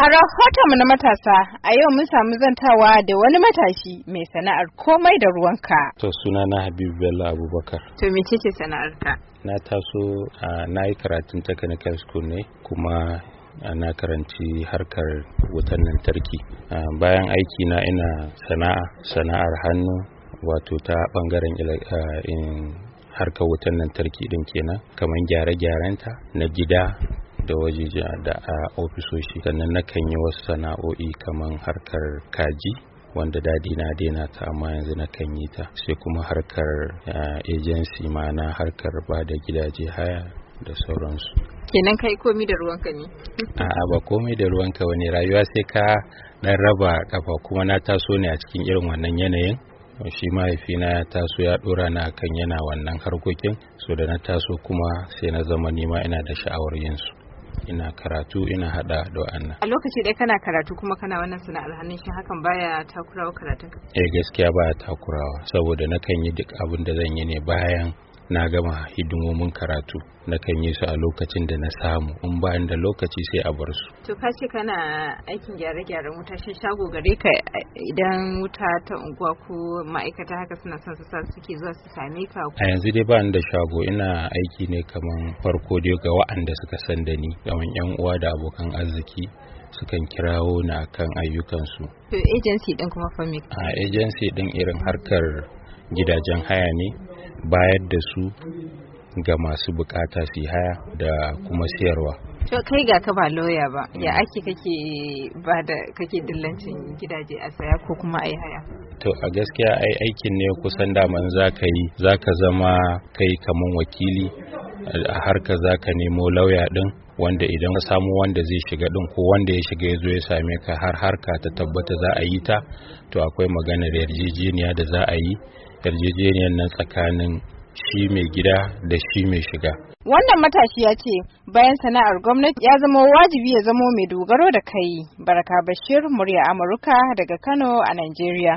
A rahoton na matasa a yau mun samu zantawa da wani matashi mai sana'ar komai da ruwanka. To suna na Habibu Bello Abubakar. To ce sana'arka? Na taso na yi karatun technical school ne kuma na karanci harkar wutan lantarki. Bayan aiki na ina sana'a sana'ar hannu wato ta bangaren harkar wutan lantarki din kenan kamar gyare-gyarenta na gida da wajeje da a ofisoshi sannan kan yi wasu sana'o'i kamar harkar kaji wanda dadi na daina ta amma yanzu na kan yi ta sai kuma harkar agency ma'ana harkar ba da gidaje haya da sauransu kenan kai komi da ruwanka ne a'a ba komai da ruwanka wani rayuwa sai ka dan raba kafa kuma na taso ne a cikin irin wannan yanayin shi mahaifina ya taso ya dora na kan yana wannan harkokin so da na taso kuma sai na zama nima ina da sha'awar yinsu ina karatu ina hada da wa'annan a lokaci dai kana karatu kuma kana wannan sana'ar hannun shi hakan baya takurawa karatun eh gaskiya baya takurawa saboda na kan yi duk abin da zan yi ne bayan na gama hidimomin karatu na kan yi su a lokacin da na samu in bayan da lokaci sai a bar su to ka ce kana aikin gyare-gyaren wuta shi shago gare ka idan wuta ta unguwa ko ma'aikata haka suna son su suke zuwa su same ka a yanzu dai ba da shago ina aiki ne kaman farko dai ga wa'anda suka san da ni kamar yan uwa da abokan arziki sukan kirawo na kan ayyukansu. To agency din kuma famic? A agency din irin harkar gidajen haya ne bayar da su ga masu bukata su haya da kuma siyarwa. To kai ga ka ba lauya ba, ya mm. ake kake ba da kake dillancin gidaje a saya ko kuma a haya? To a gaskiya ai aikin ne kusan daman za ka yi, za ka zama kai kaman wakili, a harka za ka nemo lauya din wanda idan ka samu wanda zai shiga din ko wanda ya shiga ya zo ya same ka har harka ta tabbata za a yi ta to akwai maganar yarjejeniya da za a yi yarjejeniyar nan tsakanin shi mai gida da shi mai shiga. Wannan matashi ya ce bayan sana'ar gwamnati ya zama wajibi ya zamo mai dogaro da kai. Baraka Bashir, murya Amurka daga Kano a Najeriya.